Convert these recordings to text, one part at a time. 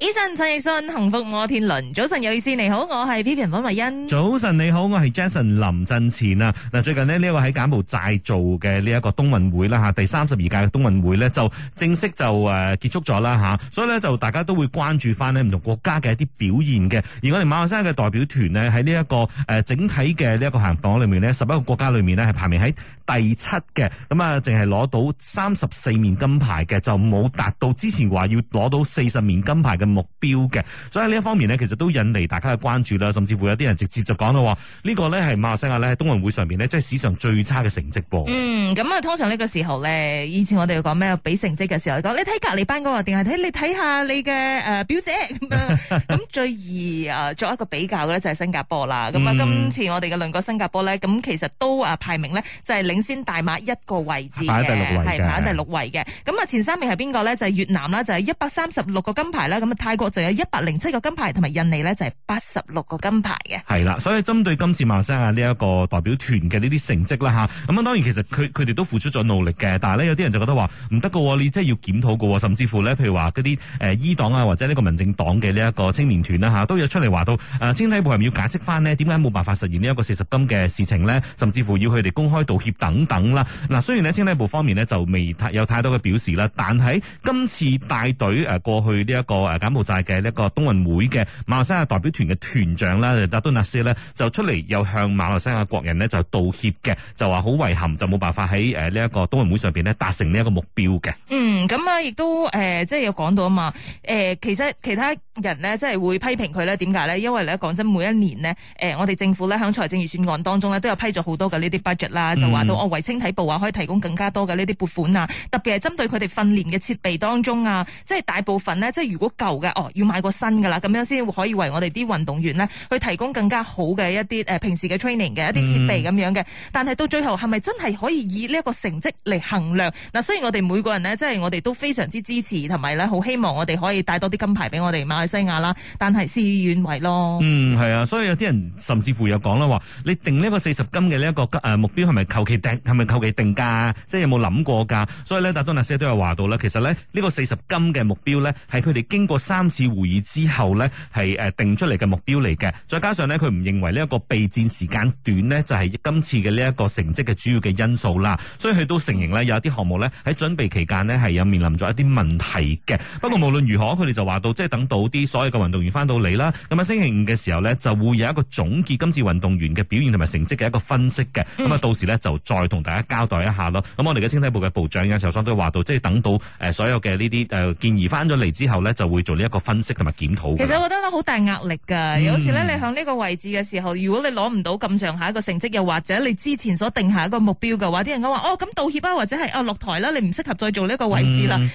Eason 陳奕迅，幸福摩天輪，早晨有意思，你好，我係 Vivian 溫麗欣。早晨你好，我係 Jason 林振前啊。嗱，最近呢，呢、這、一個喺柬埔寨做嘅呢一個東運會啦吓，第三十二屆嘅東運會呢，就正式就誒結束咗啦吓，所以呢，就大家都會關注翻咧唔同國家嘅一啲表現嘅。而我哋馬來西亞嘅代表團呢，喺呢一個誒整體嘅呢一個排行榜裏面呢十一個國家裏面呢，係排名喺第七嘅，咁啊淨係攞到三十四面金牌嘅，就冇達到之前話要攞到四十面金牌嘅目標嘅，所以呢一方面咧，其實都引嚟大家嘅關注啦，甚至乎有啲人直接就講到話，呢個咧係馬來西亞咧喺東運會上面咧，即係史上最差嘅成績噃。嗯，咁啊，通常呢個時候咧，以前我哋要講咩啊，畀成績嘅時候，講你睇隔籬班嗰個，定係睇你睇下你嘅誒表姐咁樣。咁最易啊作一個比較咧，就係新加坡啦。咁啊，今次我哋嘅鄰國新加坡咧，咁其實都啊排名咧就係領先大馬一個位置，排喺第六位嘅，排喺第六位嘅。咁啊，前三名係邊個咧？就係越南啦，就係一百三十六個金牌啦。咁啊。泰國就有一百零七個金牌，同埋印尼呢就係八十六個金牌嘅。係啦，所以針對今次馬來西亞呢一個代表團嘅呢啲成績啦，吓咁啊，當然其實佢佢哋都付出咗努力嘅，但係呢，有啲人就覺得話唔得噶，你真係要檢討噶，甚至乎呢，譬如話嗰啲誒伊黨啊，或者呢個民政黨嘅呢一個青年團啦，吓都有出嚟話到誒青體部係咪要解釋翻呢？點解冇辦法實現呢一個四十金嘅事情呢？」甚至乎要佢哋公開道歉等等啦。嗱，雖然呢，青體部方面呢就未有太多嘅表示啦，但係今次帶隊誒過去呢、這、一個誒。柬埔寨嘅呢個冬運會嘅馬來西亞代表團嘅團長啦，就達頓納斯咧就出嚟又向馬來西亞國人咧就道歉嘅，就話好遺憾就冇辦法喺誒呢一個冬運會上邊咧達成呢一個目標嘅。嗯，咁啊，亦都誒即係有講到啊嘛，誒、呃、其實其他。人呢，即係會批評佢咧，點解呢？因為咧，講真，每一年呢，誒、呃，我哋政府咧，喺財政預算案當中呢，都有批咗好多嘅呢啲 budget 啦，就話到、嗯、哦，維青體部啊，可以提供更加多嘅呢啲撥款啊，特別係針對佢哋訓練嘅設備當中啊，即係大部分呢，即係如果舊嘅哦，要買個新嘅啦，咁樣先可以為我哋啲運動員呢，去提供更加好嘅一啲、呃、平時嘅 training 嘅一啲設備咁樣嘅。但係到最後係咪真係可以以呢一個成績嚟衡量嗱？嗯、雖然我哋每個人呢，即係我哋都非常之支持同埋呢，好希望我哋可以帶多啲金牌俾我哋嘛。西亞啦，但係事與願違咯。嗯，係啊，所以有啲人甚至乎有講啦，話你定呢一個四十金嘅呢一個誒、呃、目標係咪求其定？係咪求其定價？即係有冇諗過㗎？所以呢，達多納西都有話到啦，其實呢，呢、這個四十金嘅目標呢，係佢哋經過三次會議之後呢，係誒、呃、定出嚟嘅目標嚟嘅。再加上呢，佢唔認為呢一個備戰時間短呢，就係、是、今次嘅呢一個成績嘅主要嘅因素啦。所以佢都承認呢，有一啲項目呢，喺準備期間呢，係有面臨咗一啲問題嘅。不過無論如何，佢哋就話到即係等到啲。啲所有嘅運動員翻到嚟啦，咁啊星期五嘅時候咧就會有一個總結今次運動員嘅表現同埋成績嘅一個分析嘅，咁啊、嗯、到時咧就再同大家交代一下咯。咁我哋嘅清體部嘅部長有陣時候都話到，即、就、係、是、等到誒、呃、所有嘅呢啲誒建議翻咗嚟之後咧，就會做呢一個分析同埋檢討。其實我覺得好大壓力噶，有時咧你喺呢個位置嘅時候，嗯、如果你攞唔到咁上下一個成績，又或者你之前所定下一個目標嘅話，啲人講話哦咁道歉啦、啊，或者係啊落台啦，你唔適合再做呢個位置啦。咁呢、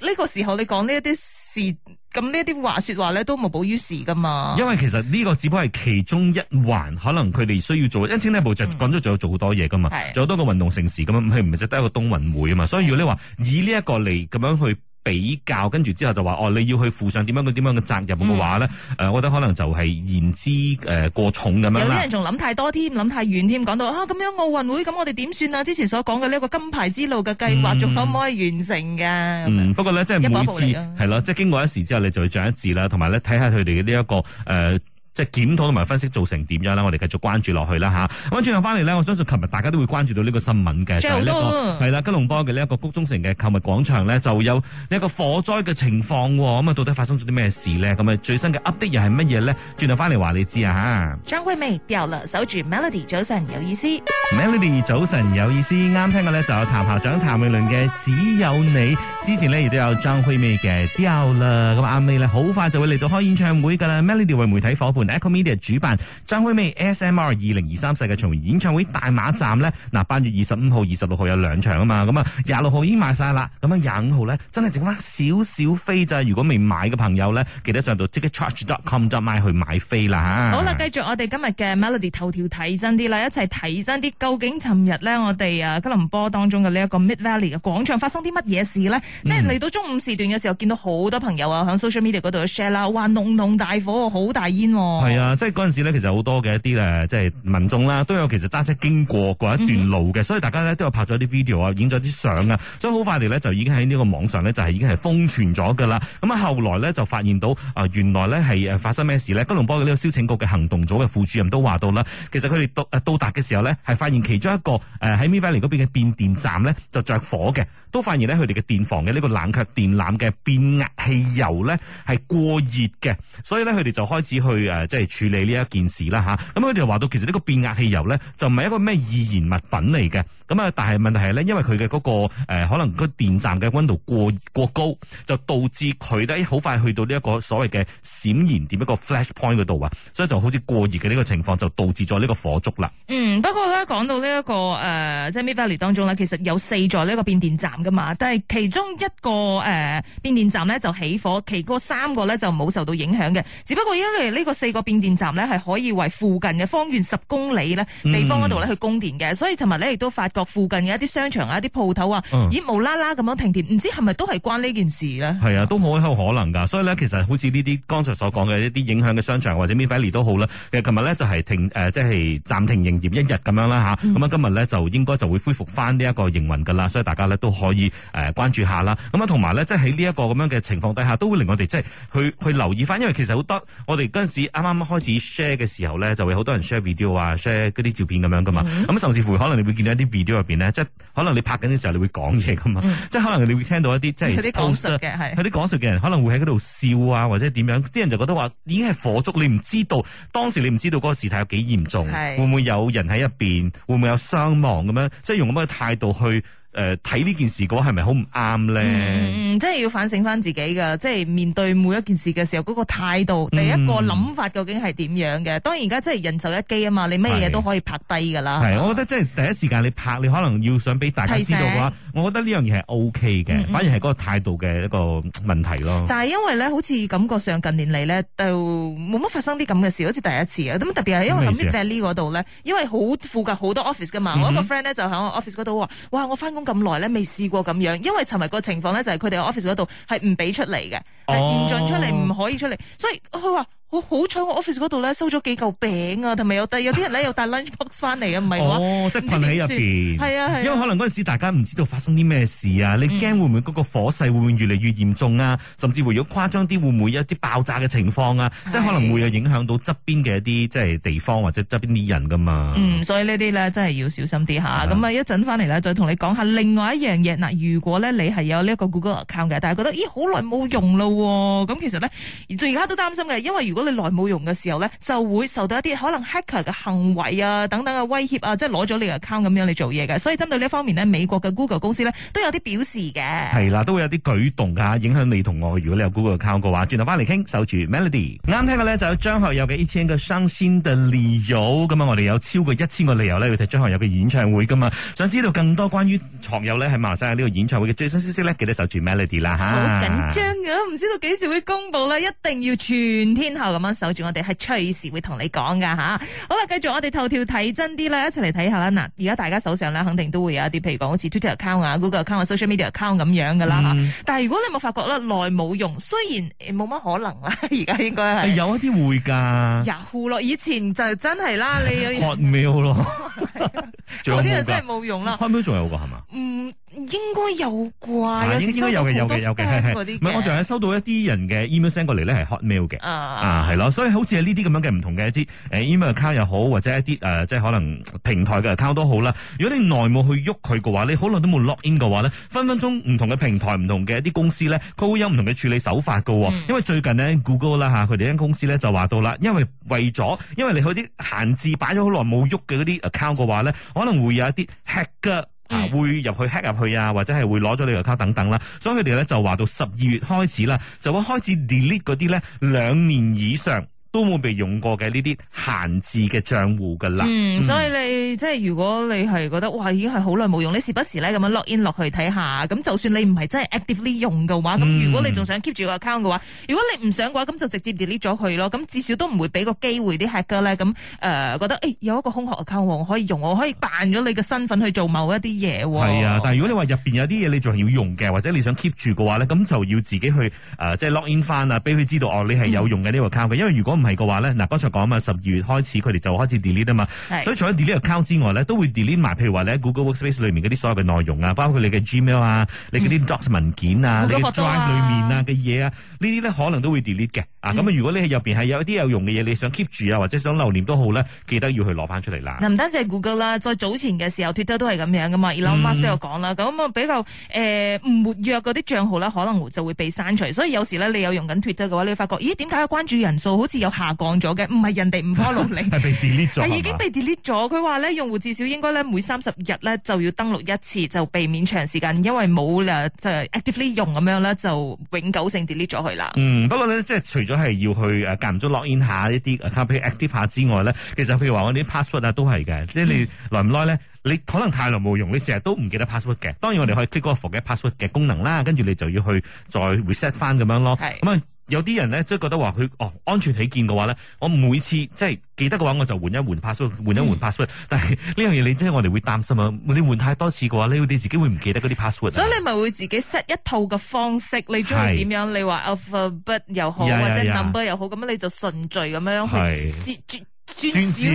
嗯、個時候你講呢一啲。咁呢啲話說話咧都冇補於事噶嘛，因為其實呢個只不過係其中一環，可能佢哋需要做，因為呢部就講咗仲有做好多嘢噶嘛，仲是有多個運動城市咁樣，唔係唔係只得一個冬運會啊嘛，所以如果你話以呢一個嚟，咁樣去。比較，跟住之後就話哦，你要去負上點樣嘅點樣嘅責任咁嘅話咧，誒、嗯呃，我覺得可能就係言之誒、呃、過重咁樣，有啲人仲諗太多添，諗太遠添，講到啊，咁樣奧運會咁，我哋點算啊？之前所講嘅呢一個金牌之路嘅計劃，仲可唔可以完成㗎？嗯嗯？不過咧，即、就、係、是、一寡係咯，即係、就是、經過一時之後，你就會長一智啦，同埋咧睇下佢哋嘅呢一、這個誒。呃即係檢討同埋分析做成點樣呢？我哋繼續關注落去啦嚇。咁轉頭翻嚟呢，我相信琴日大家都會關注到呢個新聞嘅，就係呢、呢個係啦，吉隆坡嘅呢一個谷中城嘅購物廣場呢，就有一個火災嘅情況喎。咁啊，到底發生咗啲咩事呢？咁啊，最新嘅 update 又係乜嘢呢？轉頭翻嚟話你知啊嚇。張惠妹掉啦，守住 Melody 早晨有意思。Melody 早晨有意思，啱聽嘅呢就有譚校長譚詠麟嘅只有你。之前呢亦都有張惠妹嘅掉啦，咁阿妹呢，好快就會嚟到開演唱會㗎啦。Melody 為媒體伙伴。Echo Media 主辦張惠妹 SMR 二零二三世界巡迴演唱會大馬站咧，嗱，八月二十五號、二十六號有兩場啊嘛，咁啊廿六號已經買晒啦，咁啊廿五號咧真係剩翻少少飛咋，如果未買嘅朋友咧，記得上到 Ticketcharge.com.my 去買飛啦。好啦，繼續我哋今日嘅 Melody 頭條睇真啲啦，一齊睇真啲，究竟尋日咧我哋啊吉隆坡當中嘅呢一個 Mid Valley 嘅廣場發生啲乜嘢事咧？嗯、即係嚟到中午時段嘅時候，見到好多朋友啊響 social media 嗰度 share 啦，哇濃濃大火好大煙。係啊，即係嗰陣時呢其實好多嘅一啲誒，即係民眾啦，都有其實揸車經過，過過一段路嘅，嗯、哼所以大家呢，都有拍咗啲 video 啊，影咗啲相啊，所以好快地呢，就已經喺呢個網上呢，就係已經係瘋傳咗噶啦。咁啊，後來呢，就發現到啊，原來呢，係發生咩事呢？吉隆坡嘅呢個消防局嘅行動組嘅副主任都話到啦，其實佢哋到誒到達嘅時候呢，係發現其中一個誒喺 m i f a l l e y 嗰邊嘅變電站呢，就着火嘅，都發現呢，佢哋嘅電房嘅呢、這個冷卻電纜嘅變壓器油呢，係過熱嘅，所以呢，佢哋就開始去即係處理呢一件事啦，吓，咁佢哋就話到，其實呢個變壓汽油咧，就唔係一個咩易燃物品嚟嘅。咁啊，但係問題係咧，因為佢嘅嗰個誒、呃，可能個電站嘅溫度過過高，就導致佢得好快去到呢一個所謂嘅閃燃點一個 flash point 嗰度啊，所以就好似過熱嘅呢個情況就導致咗呢個火燭啦。嗯，不過咧講到呢、這、一個誒、呃，即係 Mid Valley 當中咧，其實有四座呢個變電站噶嘛，但係其中一個誒、呃、變電站咧就起火，其嗰三個咧就冇受到影響嘅，只不過因為呢個四呢個變電站呢係可以為附近嘅方圓十公里呢地方嗰度呢去供電嘅，所以尋日呢亦都發覺附近嘅一啲商場啊、一啲鋪頭啊，咦、嗯，無啦啦咁樣停電，唔知係咪都係關呢件事呢？係啊，都好有可能噶，所以呢，其實好似呢啲剛才所講嘅一啲影響嘅商場或者咩牌嚟都好啦。其實尋日呢就係停誒，即係暫停營業一日咁樣啦吓。咁啊、嗯，今日呢，就應該就會恢復翻呢一個營運噶啦，所以大家呢都可以誒關注下啦。咁啊，同埋呢，即係喺呢一個咁樣嘅情況底下，都會令我哋即係去去留意翻，因為其實好多我哋嗰陣時。啱啱開始 share 嘅時候咧，就會好多人 share video 啊，share 嗰啲照片咁樣噶嘛。咁、嗯、甚至乎可能你會見到一啲 video 入邊咧，即係可能你拍緊嘅時候，你會講嘢噶嘛。嗯、即係可能你會聽到一啲即係 post 嘅係，啲講述嘅人可能會喺嗰度笑啊，或者點樣？啲人就覺得話已經係火燭，你唔知道當時你唔知道嗰個事態有幾嚴重，是會唔會有人喺入邊，會唔會有傷亡咁樣？即係用咁嘅態度去？誒，睇呢、呃、件事嘅係係咪好唔啱咧？嗯，即係要反省翻自己㗎。即係面對每一件事嘅時候嗰、嗰個態度，第一個諗法究竟係點樣嘅？嗯嗯、當然而家即係人手一機啊嘛，你咩嘢都可以拍低噶啦是吧。我覺得即係第一時間你拍，你可能要想俾大家知道嘅話，醒我覺得呢樣嘢係 OK 嘅，嗯、反而係嗰個態度嘅一個問題咯。但係因為咧，好似感覺上近年嚟咧，就冇乜發生啲咁嘅事，好似第一次咁，特別係因為喺 Mid Valley 嗰度咧，因為好附近好多 office 噶嘛，嗯、哼我一個 friend 咧就喺我 office 嗰度話：哇，我翻。咁耐咧未試過咁樣，因為尋日個情況咧就係佢哋 office 嗰度係唔俾出嚟嘅，係唔、哦、准出嚟，唔可以出嚟，所以佢話。好彩、哦、我 office 嗰度咧收咗幾嚿餅啊，同埋有第有啲人咧又帶 lunch box 翻嚟啊，唔係話即係困喺入邊係啊，係因為可能嗰陣時大家唔知道發生啲咩事啊，嗯、你驚會唔會嗰個火勢會唔會越嚟越嚴重啊？嗯、甚至乎如果誇張啲，會唔會有一啲爆炸嘅情況啊？是即係可能會有影響到側邊嘅一啲即係地方或者側邊啲人噶、啊、嘛？嗯，所以呢啲咧真係要小心啲吓。咁啊，一陣翻嚟咧再同你講下另外一樣嘢嗱，如果咧你係有呢一個 Google account 嘅，但係覺得咦好耐冇用咯，咁其實咧而家都擔心嘅，因為如果如果你內冇用嘅時候咧，就會受到一啲可能 hacker 嘅行為啊，等等嘅威脅啊，即係攞咗你個 account 咁樣嚟做嘢嘅。所以針對呢一方面呢，美國嘅 Google 公司咧都有啲表示嘅。係啦，都會有啲舉動㗎，影響你同我。如果你有 Google account 嘅話，轉頭翻嚟傾，守住 Melody。啱聽嘅咧就有張學友嘅《一千個傷心的理由》咁啊，我哋有超過一千個理由咧要睇張學友嘅演唱會噶嘛。想知道更多關於藏友咧喺馬來西亞呢個演唱會嘅最新消息咧，記得守住 Melody 啦吓。好緊張㗎，唔知道幾時會公布啦，一定要全天候。咁樣守住我哋係隨時會同你講噶吓，好啦，繼續我哋頭條睇真啲啦，一齊嚟睇下啦。嗱，而家大家手上咧，肯定都會有一啲，譬如講好似 Twitter account 啊、Google account 啊、social media account 咁樣噶啦。嗯、但係如果你冇發覺啦，耐冇用，雖然冇乜、欸、可能啦，而家應該係有一啲會噶 Yahoo 咯，Yahoo, 以前就真係啦，你有 Hotmail 咯，嗰啲就真係冇用啦。Hotmail 仲有個係嘛？嗯。應該有啩，啊、有應該有嘅，有嘅，有嘅，係唔係我仲有收到一啲人嘅 email send 過嚟咧，係 Hotmail 嘅，啊係咯，所以好似係呢啲咁樣嘅唔同嘅一啲誒 email account 又好，或者一啲誒、呃、即係可能平台嘅 account 都好啦。如果你耐冇去喐佢嘅話，你好耐都冇 log in 嘅話咧，分分鐘唔同嘅平台、唔同嘅一啲公司咧，佢會有唔同嘅處理手法噶嗯、因為最近呢 Google 啦吓，佢哋間公司咧就話到啦，因為為咗，因為你啲閒置擺咗好耐冇喐嘅嗰啲 account 嘅話咧，可能會有一啲 hack 噶啊，會入去 hack 入去啊， 或者係會攞咗你個卡等等啦，所以佢哋咧就話到十二月開始啦，就會開始 delete 嗰啲咧兩年以上。都冇被用過嘅呢啲閒置嘅賬戶㗎喇，嗯，所以你即係如果你係覺得哇已經係好耐冇用，你時不時呢咁樣 login 落去睇下，咁就算你唔係真係 actively 用嘅話，咁如果你仲想 keep 住個 account 嘅話，如果你唔想嘅話，咁就直接 delete 咗佢咯，咁至少都唔會俾個機會啲黑客呢。咁誒、呃、覺得、欸、有一個空殼 account、哦、可以用，我可以扮咗你嘅身份去做某一啲嘢、哦。係啊，但如果你話入面有啲嘢你仲係要用嘅，或者你想 keep 住嘅話呢，咁就要自己去誒、呃、即係 login 翻啊，俾佢知道哦你係有用嘅呢個 account 嘅，因為如果唔係嘅話咧，嗱，剛才講啊嘛，十二月開始佢哋就開始 delete 啊嘛，是所以除咗 delete account 之外咧，都會 delete 埋，譬如話 Google Workspace 裏面嗰啲所有嘅內容啊，包括你嘅 Gmail 啊，你嗰啲 docs 文件啊，嗯、你 drive 裏面啊嘅嘢啊，呢啲，嗯、可能都會 delete 嘅，啊咁，嗯、啊，如果你係入邊係有啲有用嘅嘢，你想 keep 住啊，或者想留念都好咧，記得要去攞翻出嚟啦。嗱，唔單止係 Google 啦，在早前嘅時候，Twitter，都係咁樣噶嘛，嗯、Elon Musk 有講啦，咁啊比較誒唔活躍嗰啲賬號可能就會被刪除，所以有時你有用緊 Twitter 嘅話，你發覺咦點解關注人數好似有下降咗嘅，唔係人哋唔 follow 你，係 被 delete 咗，係 已經被 delete 咗。佢話咧，用戶至少應該咧每三十日咧就要登錄一次，就避免長時間因為冇誒就 actively 用咁樣咧，就永久性 delete 咗佢啦。嗯，不過咧即係除咗係要去誒間唔中 login 下 active 一啲，p 譬如 a c t i v e 下 e 之外咧，其實譬如話我啲 password 啊都係嘅，嗯、即係你耐唔耐咧，你可能太耐冇用，你成日都唔記得 password 嘅。當然我哋可以 click 嗰個 forget password 嘅功能啦，跟住你就要去再 reset 翻咁樣咯。咁是有啲人咧，即係覺得話佢哦安全起見嘅話咧，我每次即係記得嘅話，我就換一換 password，換一換 password。嗯、但係呢樣嘢你真係我哋會擔心啊！你換太多次嘅話，你自己會唔記得嗰啲 password。所以你咪會自己 set 一套嘅方式，你中意點樣？是你話 alphabet 又好，是或者 number 又好，咁是你就順序咁樣是去轉轉少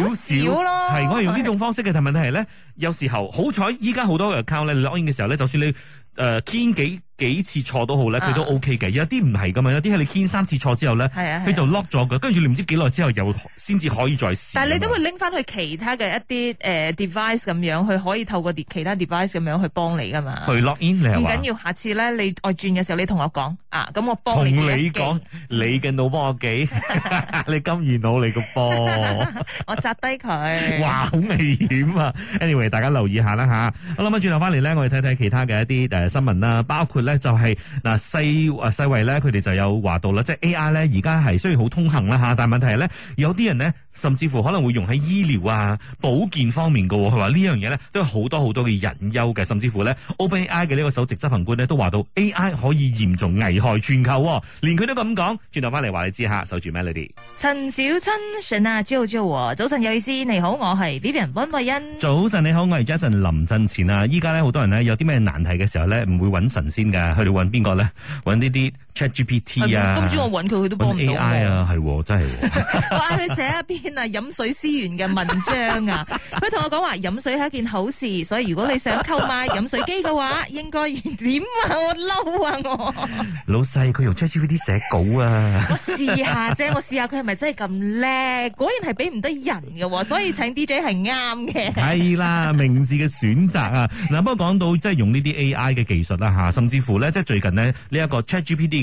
少咯。係是，我係用呢種方式嘅，但問題係咧，有時候是好彩依家好多 account 你 login 嘅時候就算你誒、呃、幾幾次錯都好咧，佢都 O K 嘅。有啲唔係噶嘛，有啲係你牽三次錯之後咧，佢、啊、就 lock 咗佢，跟住你唔知幾耐之後又先至可以再試。但係你都會拎翻去其他嘅一啲誒、呃、device 咁樣，佢可以透過其他 device 咁樣去幫你噶嘛。佢 lock in 你，唔緊要。下次咧你我轉嘅時候，你同我講啊，咁我幫你。同你講 你嘅腦幫我幾你金魚腦嚟個波。 我紮低佢。哇，好危險啊！Anyway，大家留意下啦吓。我諗翻轉頭翻嚟咧，我哋睇睇其他嘅一啲誒、呃、新聞啦，包括咧。就係、是、嗱、啊，世啊世衞咧，佢哋就有話到啦，即係 A. I. 咧，而家係雖然好通行啦吓，但係問題係咧，有啲人咧。甚至乎可能會用喺醫療啊、保健方面㗎喎。佢話呢樣嘢咧都有好多好多嘅隱憂嘅，甚至乎咧 OpenAI 嘅呢個首席執行官咧都話到 AI 可以嚴重危害全球喎，連佢都咁講。轉頭翻嚟話你知下，守住 Melody，陳小春 Shana 朝朝早晨有意思。你好，我係 Bibian 溫慧欣。早晨你好，我係 Jason 林振前啊！依家咧好多人呢，有啲咩難題嘅時候咧唔會揾神仙嘅，佢哋揾邊個咧？揾呢啲。Chat GPT 啊，今朝我搵佢，佢都幫唔到我啊，係、哦、真係、哦。嗌佢寫一篇啊飲水思源嘅文章啊，佢同 我講，話飲水係一件好事，所以如果你想購買飲水機嘅話，應該點啊？我嬲啊我！老細佢用 Chat GPT 寫稿啊， 我試下啫，我試下佢係咪真係咁叻？果然係比唔得人嘅，所以請 DJ 係啱嘅。係 啦，名字嘅選擇啊，嗱，不過講到即係用呢啲 AI 嘅技術啦吓，甚至乎咧即係最近呢，呢、呢、一個 Chat GPT。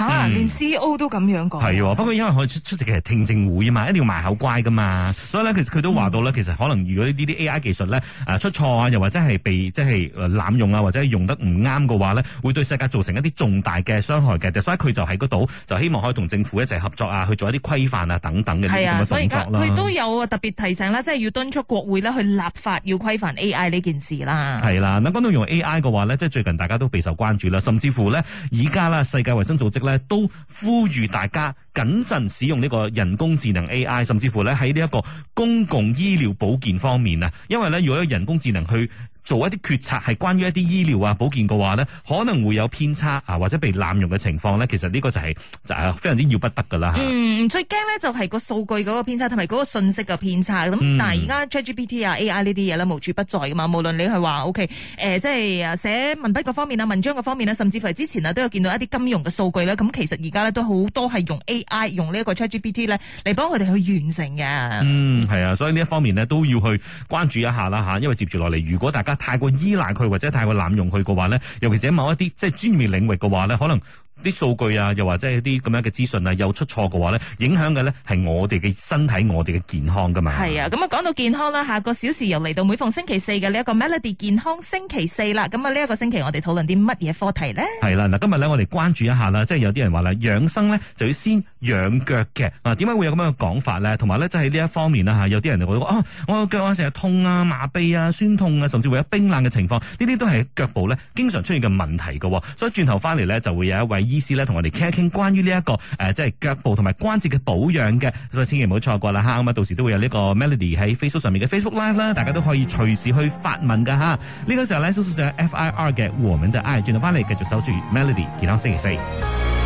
嚇！啊嗯、連 C E O 都咁樣講。係、哦、對不過因為佢出出席嘅係聽證會啊嘛，一定要賣口乖噶嘛，所以咧其實佢都話到咧，嗯、其實可能如果呢啲 A I 技術咧誒、啊、出錯啊，又或者係被即係、就是、濫用啊，或者係用得唔啱嘅話咧，會對世界造成一啲重大嘅傷害嘅。所以佢就喺嗰度就希望可以同政府一齊合作啊，去做一啲規範啊等等嘅咁嘅工作啦。係啊，所以而家佢都有特別提醒啦，即、就、係、是、要敦促國會咧去立法要規範 A I 呢件事啦。係啦，嗱講到用 A I 嘅話咧，即係最近大家都備受關注啦，甚至乎咧而家啦世界衞生組織都呼籲大家謹慎使用呢個人工智能 AI，甚至乎咧喺呢一個公共醫療保健方面啊，因為咧如果有人工智能去。做一啲決策係關於一啲醫療啊、保健嘅話呢，可能會有偏差啊，或者被濫用嘅情況呢。其實呢個就係、是、就係、是、非常之要不得噶啦嚇、嗯、最驚呢，就係個數據嗰個偏差同埋嗰個信息嘅偏差。咁、嗯、但係而家 ChatGPT 啊、AI 呢啲嘢呢，無處不在噶嘛，無論你係話 OK 誒、呃，即、就、係、是、寫文筆嗰方面啊、文章嗰方面咧，甚至乎係之前啊都有見到一啲金融嘅數據咧。咁其實而家咧都好多係用 AI 用呢一個 ChatGPT 呢嚟幫佢哋去完成嘅。嗯，係啊，所以呢一方面呢，都要去關注一下啦嚇，因為接住落嚟如果大家太過依賴佢或者太過濫用佢嘅話咧，尤其是喺某一啲即係專業領域嘅話咧，可能。啲數據啊，又或者係啲咁樣嘅資訊啊，又出錯嘅話咧，影響嘅咧係我哋嘅身體，我哋嘅健康噶嘛。係啊，咁啊講到健康啦嚇，下個小時又嚟到每逢星期四嘅呢一個 Melody 健康星期四啦。咁啊呢一個星期我哋討論啲乜嘢課題咧？係啦，嗱今日咧我哋關注一下啦，即係有啲人話啦，養生咧就要先養腳嘅。啊，點解會有咁樣嘅講法咧？同埋咧即係呢一方面啦嚇，有啲人就會話啊，我嘅腳啊成日痛啊、麻痹啊、酸痛啊，甚至會有冰冷嘅情況，呢啲都係腳部咧經常出現嘅問題噶。所以轉頭翻嚟咧就會有一位。醫師咧同我哋傾一傾關於呢、這、一個誒、呃，即係腳部同埋關節嘅保養嘅，所以千祈唔好錯過啦嚇。咁啊，到時都會有呢個 Melody 喺 Facebook 上面嘅 Facebook Live 啦，大家都可以隨時去發問噶嚇。呢、啊這個時候咧，蘇蘇就係 F I R 嘅和敏都 I 轉頭翻嚟繼續守住 Melody，見到星期四。